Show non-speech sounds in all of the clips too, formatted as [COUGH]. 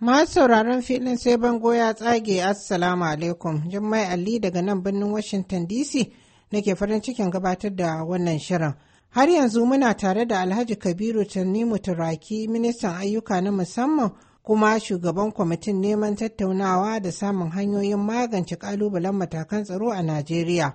Masu sauraron filin sai bango ya tsage Assalamu alaikum. Jummai Ali daga nan birnin Washington DC nake farin cikin gabatar da wannan shirin. Har yanzu muna tare da Alhaji Kabiru Tanimu Turaki, ministan ayyuka na musamman kuma shugaban kwamitin neman tattaunawa da samun hanyoyin magance kalubalen matakan tsaro a Najeriya,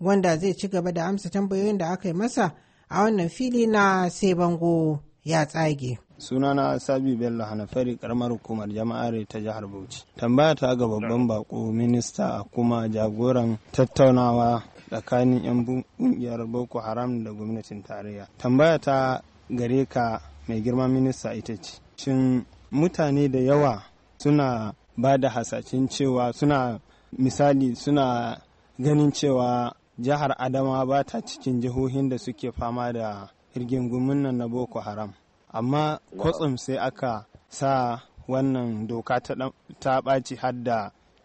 wanda zai ci gaba da amsa tambayoyin da aka yi masa a wannan fili na sai bango ya tsage. sunana sabi bello hanafari karamar hukumar jama'ar ta jihar bauchi tambaya ta ga babban bako minista kuma jagoran tattaunawa tsakanin yan kungiyar boko haram da gwamnatin tarayya tambaya ta gare ka mai girma minista ita ce shin mutane da yawa suna ba da hasashen cewa suna misali suna ganin cewa jihar adama ba ta cikin jihohin da suke fama da irgin nan na boko haram amma kwatsam sai aka sa wannan doka ta ɓaci hadda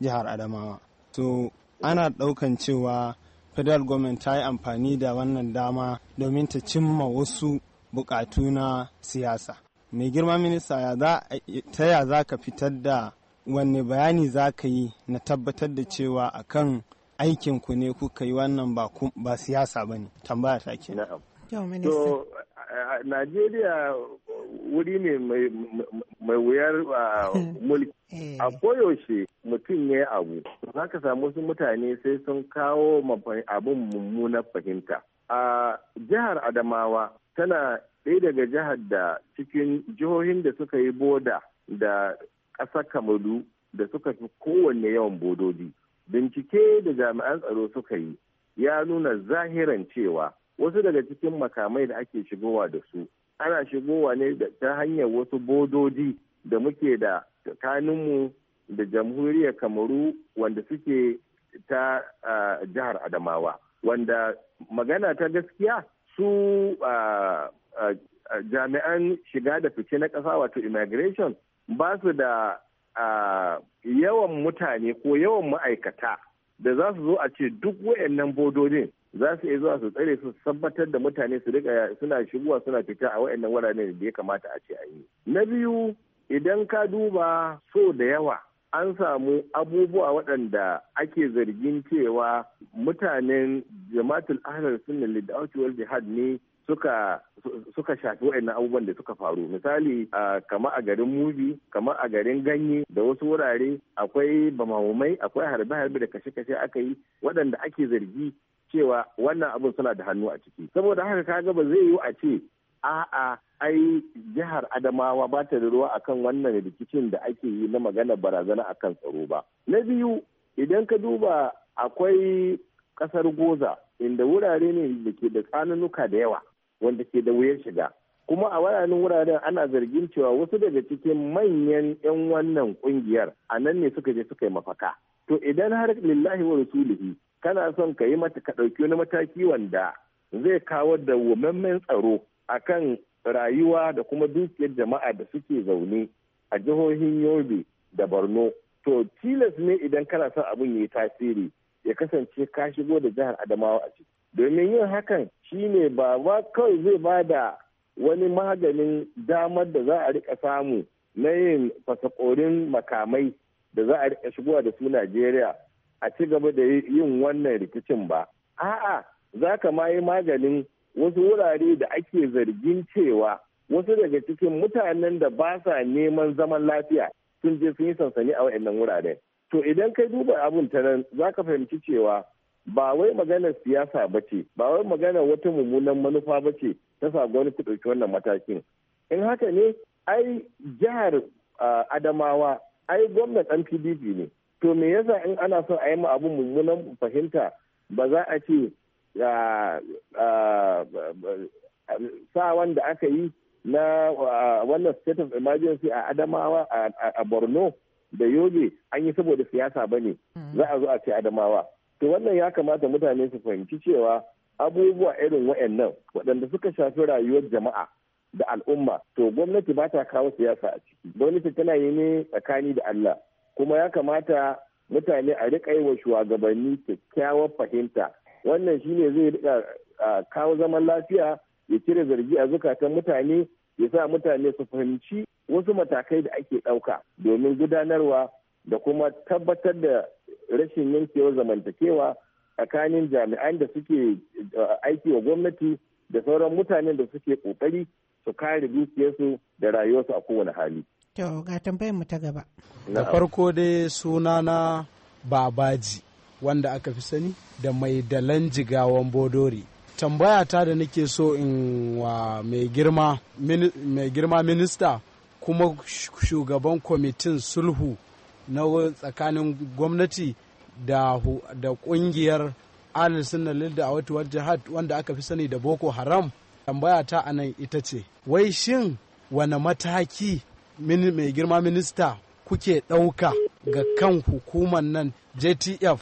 jihar adamawa to ana ɗaukan cewa federal government ta yi amfani da wannan dama domin ta cimma wasu bukatu na siyasa mai girma minista ta ya za ka fitar da wanne bayani za ka yi na tabbatar da cewa akan aikinku ne kuka yi wannan ba siyasa ba ne tambaya ta ke. Eh, Najeriya wuri ne mai wuyar ah, [LAUGHS] mulki. Eh. A koyaushe mutum ya abu, za ka samu wasu mutane sai sun kawo abin mummunan fahimta. A jihar Adamawa tana ɗaya daga jihar da cikin jihohin da suka yi boda da ƙasa Kamaru da suka fi kowanne yawan bodoji. Bincike da jami'an tsaro suka yi ya nuna zahiran cewa wasu daga cikin makamai da ake shigowa da su ana shigowa ne ta hanyar wasu bodoji da muke da tsakaninmu da jamhuriyar kamaru wanda suke ta jihar adamawa wanda magana ta gaskiya su jami'an shiga da fice na ƙasa wato immigration ba su da yawan mutane ko yawan ma'aikata da za su zo a ce duk wayannan bodojin za su iya zuwa su tsare su tabbatar da mutane su rika suna shigowa suna fita a waɗannan wuraren da ya kamata a ce a yi na biyu idan ka duba so da yawa an samu abubuwa waɗanda ake zargin cewa mutanen jama'atul ahlar sunna lidawati jihad ne suka suka shafi waɗannan abubuwan da suka faru misali kama a garin mubi kama a garin ganye da wasu wurare akwai bamawumai akwai harbe-harbe da kashe-kashe aka yi waɗanda ake zargi cewa wannan abin suna da hannu a ciki saboda haka kaga ba zai yiwu a ce a'a ai jihar adamawa ba ta da ruwa akan wannan rikicin da ake yi na magana barazana kan tsaro ba na biyu idan ka duba akwai kasar goza inda wurare ne da ke da tsananuka da yawa wanda ke da wuyar shiga kuma a wayanin wuraren ana zargin cewa wasu daga cikin manyan 'yan wannan kungiyar a nan ne suka je suka yi mafaka to idan har lillahi wa rasulihi kana son ka yi mata ka ɗauki wani mataki wanda zai kawo da wumammen tsaro a kan rayuwa da kuma dukiyar jama'a da suke zaune a jihohin yobe da borno to tilas ne idan kana son abin ya yi tasiri ya kasance ka shigo da jihar adamawa a ciki domin yin hakan shine ba ba kawai zai ba da wani maganin damar da za a rika samu na yin fasakorin makamai da za a rika shigowa da su najeriya a ci gaba da yin wannan rikicin ba a'a za ka ma yi maganin wasu wurare da ake zargin cewa wasu daga cikin mutanen da ba sa neman zaman lafiya sun je sun yi sansani a waɗannan wurare. to idan kai duba abun ta nan za ka fahimci cewa ba wai magana siyasa ba ce ba wai magana wata mummunan manufa ba ce ta sa gwamnati ɗauki wannan matakin in haka ne ai jihar ah, adamawa ai gwamnan ɗan pdp ne to me yasa in ana son a yi mu abu mummunan fahimta ba za a ce sa wanda aka yi na wannan state of emergency a adamawa a borno da yobe an yi saboda siyasa ba ne hmm. za a zo a ce adamawa to wannan ya kamata mutane su fahimci cewa abubuwa irin waɗannan waɗanda suka shafi rayuwar jama'a da al'umma to gwamnati ba ta kawo siyasa a ciki gwamnati tana yi ne tsakani da allah kuma ya kamata mutane a riƙa yi wa shugabanni kyakkyawar fahimta wannan shine zai riƙa kawo zaman lafiya ya cire zargi a zukatan mutane ya sa mutane su fahimci wasu matakai da ake ɗauka domin gudanarwa da kuma tabbatar da rashin yankewar zamantakewa tsakanin jami'an da suke aiki wa gwamnati da sauran mutanen da suke ƙoƙari su kare dukiyarsu da rayuwarsu a kowane hali. To ga tambayar mu ta gaba. Da farko dai suna na Babaji wanda aka fi sani da mai dalan jigawan Bodori. Tambaya ta da nake so in wa mai girma minista kuma shugaban kwamitin sulhu na tsakanin gwamnati da kungiyar alisun da a wata jihad wanda aka fi sani da boko haram tambaya ta anan ita ce wai shin wane mataki mai girma minista kuke ɗauka ga kan hukumar nan JTF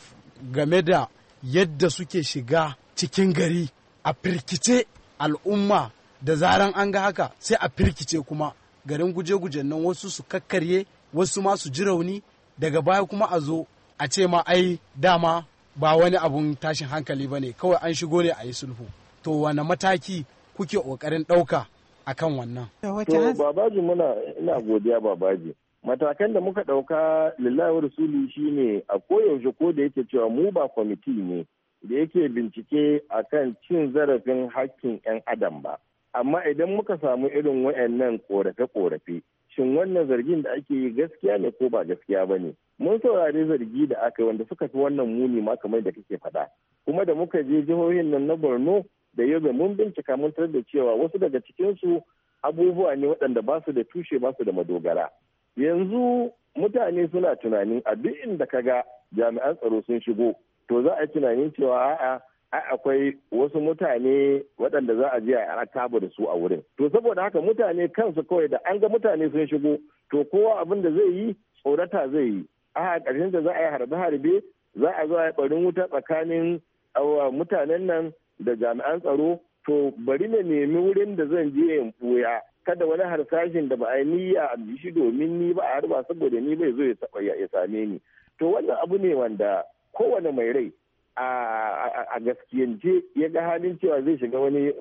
game da yadda suke shiga cikin gari a firkice al'umma da zaran an ga haka sai a firkice kuma garin guje-guje nan wasu su kakkarye wasu ma su ji rauni daga baya kuma a zo a ce ma ai dama ba wani abun tashin hankali ba ne kawai an shigo ne a yi sulhu to wane mataki kuke ƙoƙarin ɗauka akan wannan. To babaji muna ina godiya babaji. Matakan da muka ɗauka lillahi rasulu ne a koyaushe ko da yake cewa mu ba kwamiti ne da yake bincike a kan cin zarafin hakkin 'yan adam ba. Amma idan muka samu irin wayannan korafe-korafe shin wannan zargin da ake yi gaskiya ne ko ba gaskiya ba ne mun saurari zargi da aka yi wanda suka fi wannan muni ma kamar da kake faɗa kuma da muka je jihohin nan na borno da yobe mun bincika mun tarar da cewa wasu daga cikinsu abubuwa ne waɗanda ba su da tushe ba su da madogara yanzu mutane suna tunanin a duk inda ka ga jami'an tsaro sun shigo to za a tunanin cewa a'a akwai wasu mutane waɗanda za a je a kaba da su a wurin to saboda haka mutane kansu kawai da an ga mutane sun shigo to kowa abin da zai yi tsorata zai yi a ƙarshen da za a yi harbe-harbe za a zo a yi ɓarin wuta tsakanin uh, mutanen nan da jami'an tsaro to bari na nemi wurin da zan je in ɓoya kada wani harsashin da ba a niyya a shi domin ni ba a harba saboda ni bai zo ya same ni to wannan abu ne wanda kowane mai rai a gaskiyance ya ga halin cewa zai shiga wani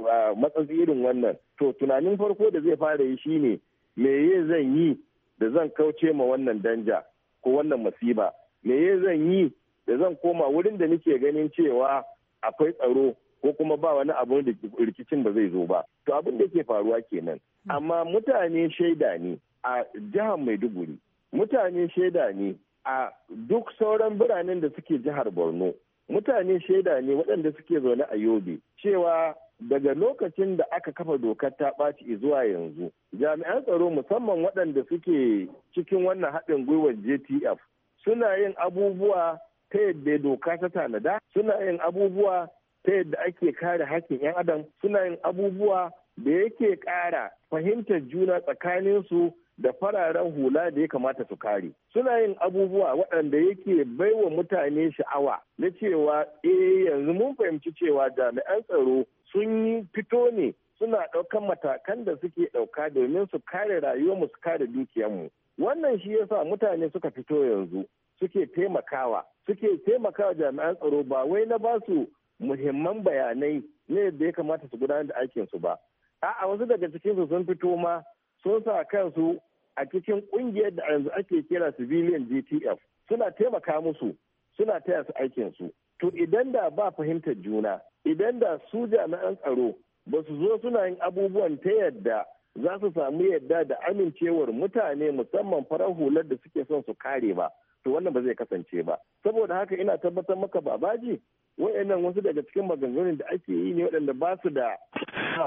matsatsi irin wannan to tunanin farko da zai fara yi shine me ye zan yi da zan kauce ma wannan danja ko wannan masiba me ye zan yi da zan koma wurin da nake ganin cewa akwai tsaro ko kuma ba wani abun rikicin da zai zo ba to abin da ke faruwa kenan amma mutane shaida ne a jihar maiduguri mutane shaida ne a duk sauran biranen da suke jihar borno mutane shaida ne waɗanda suke zaune a yobe cewa daga lokacin da aka kafa dokar ta ɓaci zuwa yanzu jami'an tsaro musamman waɗanda suke cikin wannan haɗin gwiwar jtf suna yin abubuwa ta yadda doka ta tanada suna yin abubuwa ta yadda ake kare hakkin 'yan adam suna yin abubuwa da yake ƙara fahimtar juna tsakaninsu da fararen hula da ya kamata su kare suna yin abubuwa waɗanda yake baiwa mutane sha'awa na cewa eh yanzu mun fahimci cewa jami'an tsaro sun yi fito ne suna ɗaukan matakan da suke ɗauka domin su kare rayuwar mu su kare dukiyarmu wannan shi yasa mutane suka fito yanzu suke taimakawa suke taimakawa jami'an tsaro ba wai na basu muhimman bayanai ne da ya kamata su gudanar da aikinsu ba a'a wasu daga cikinsu sun fito ma sun sa kansu a cikin kungiyar da yanzu ake kira civilian gtf suna taimaka musu suna taya su aikinsu to idan da ba fahimtar juna idan da su jami'an tsaro ba su zo suna yin abubuwan ta yadda za su samu yadda da amincewar mutane musamman farar hular da suke son su kare ba to wannan ba zai kasance ba saboda haka ina tabbatar maka babaji wa'annan wasu daga cikin maganganun da ake yi ne waɗanda ba su da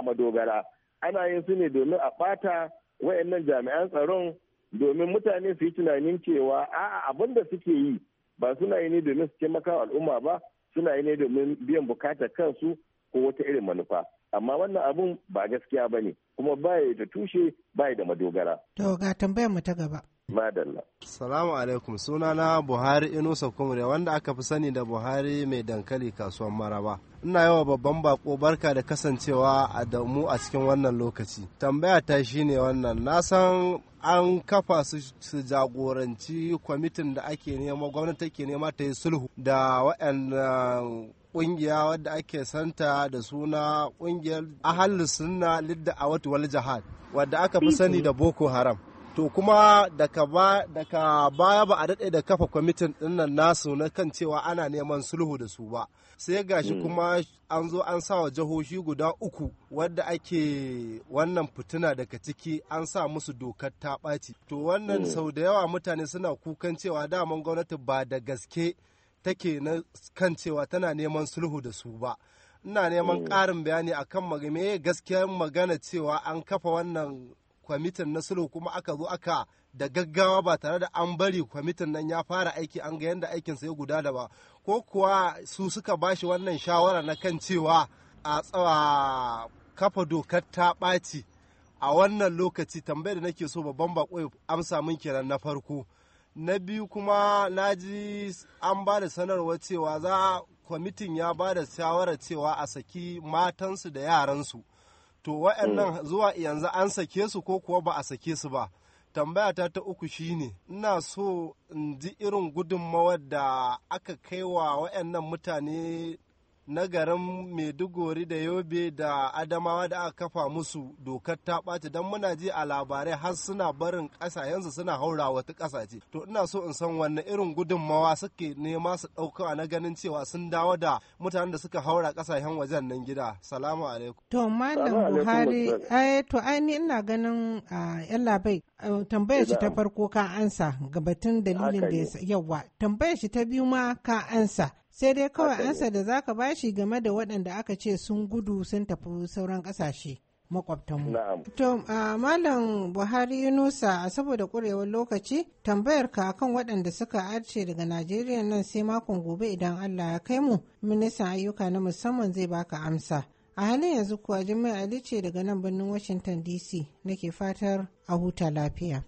madogara ana yin su ne domin a ɓata wa'annan jami'an tsaron domin mutane su yi tunanin cewa a'a abin da suke yi ba suna yi ne domin su taimaka al'umma ba suna yi ne domin biyan bukatar kansu ko wata irin manufa amma wannan abun ba gaskiya ba ne kuma ba da tushe ba da madogara. To ga tambayar mu ta gaba. Madalla. Salamu alaikum sunana Buhari Inusa Kumre wanda aka fi sani da Buhari mai dankali kasuwar Maraba. Ina yawa babban bako barka da kasancewa a damu a cikin wannan lokaci. Tambaya ta ne wannan na san an kafa su, jagoranci kwamitin da ake nema gwamnati ke nema ta yi sulhu da waɗannan kungiya wadda ake santa da suna kungiyar ahalus sunna lidda a wal jihad wadda aka fi sani da boko haram to kuma daga baya ba a daɗe da kafa kwamitin ɗinnan nasu na kan cewa ana neman sulhu da su ba sai gashi hmm. kuma an zo an sa wa jihohi guda uku wadda ake wannan fituna daga ciki an sa musu dokar ta ɓaci to wannan hmm. sau da yawa mutane suna kukan cewa daman gwamnati ba da gaske take na kan cewa tana neman sulhu da su ba ina neman hmm. ƙarin bayani akan magana gaskiyar magana cewa an kafa wannan kwamitin na sulhu kuma aka zo aka da gaggawa ba tare da an bari kwamitin nan ya fara aiki an ga yadda aikinsa ya da ba ko kuwa su suka bashi wannan shawara na kan cewa a tsawa kafa dokar ta ɓaci a wannan lokaci tambayar da nake so babban bako amsa min kenan na farko na biyu kuma na ji an ba da sanarwa cewa za kwamitin ya ba da shawarar cewa a saki matansu da yaransu to wa'annan mm. zuwa yanzu an sake su ko kuwa ba a sake su ba tambayata ta uku shine ina so in ji irin gudunmawar da aka kai wa wa'annan mutane na garin maiduguri da yobe da adamawa da aka kafa musu dokar ta ɓaci don muna ji a labarai har suna barin yanzu suna haura wata ce to ina so in san wanne irin gudunmawa suke nema su ɗauka na ganin cewa sun dawo da mutanen da suka haura ƙasashen wajen nan gida salamu alaikum to malam buhari ai to ai ni ina ganin yan labai tambayar shi ta farko ka ansa gabatun dalilin da yawa tambayar shi ta biyu ma ka ansa sai dai kawai ansa da zaka bashi game da waɗanda aka ce sun gudu sun tafi sauran ƙasashe makwabtanmu. To Malam Buhari Yunusa a saboda ƙurewar lokaci tambayar ka kan waɗanda suka arce daga Najeriya nan sai makon gobe idan Allah ya kai mu ministan ayyuka na musamman zai baka amsa. A halin yanzu kuwa Jummai Ali ce daga nan birnin Washington DC nake fatar a huta lafiya.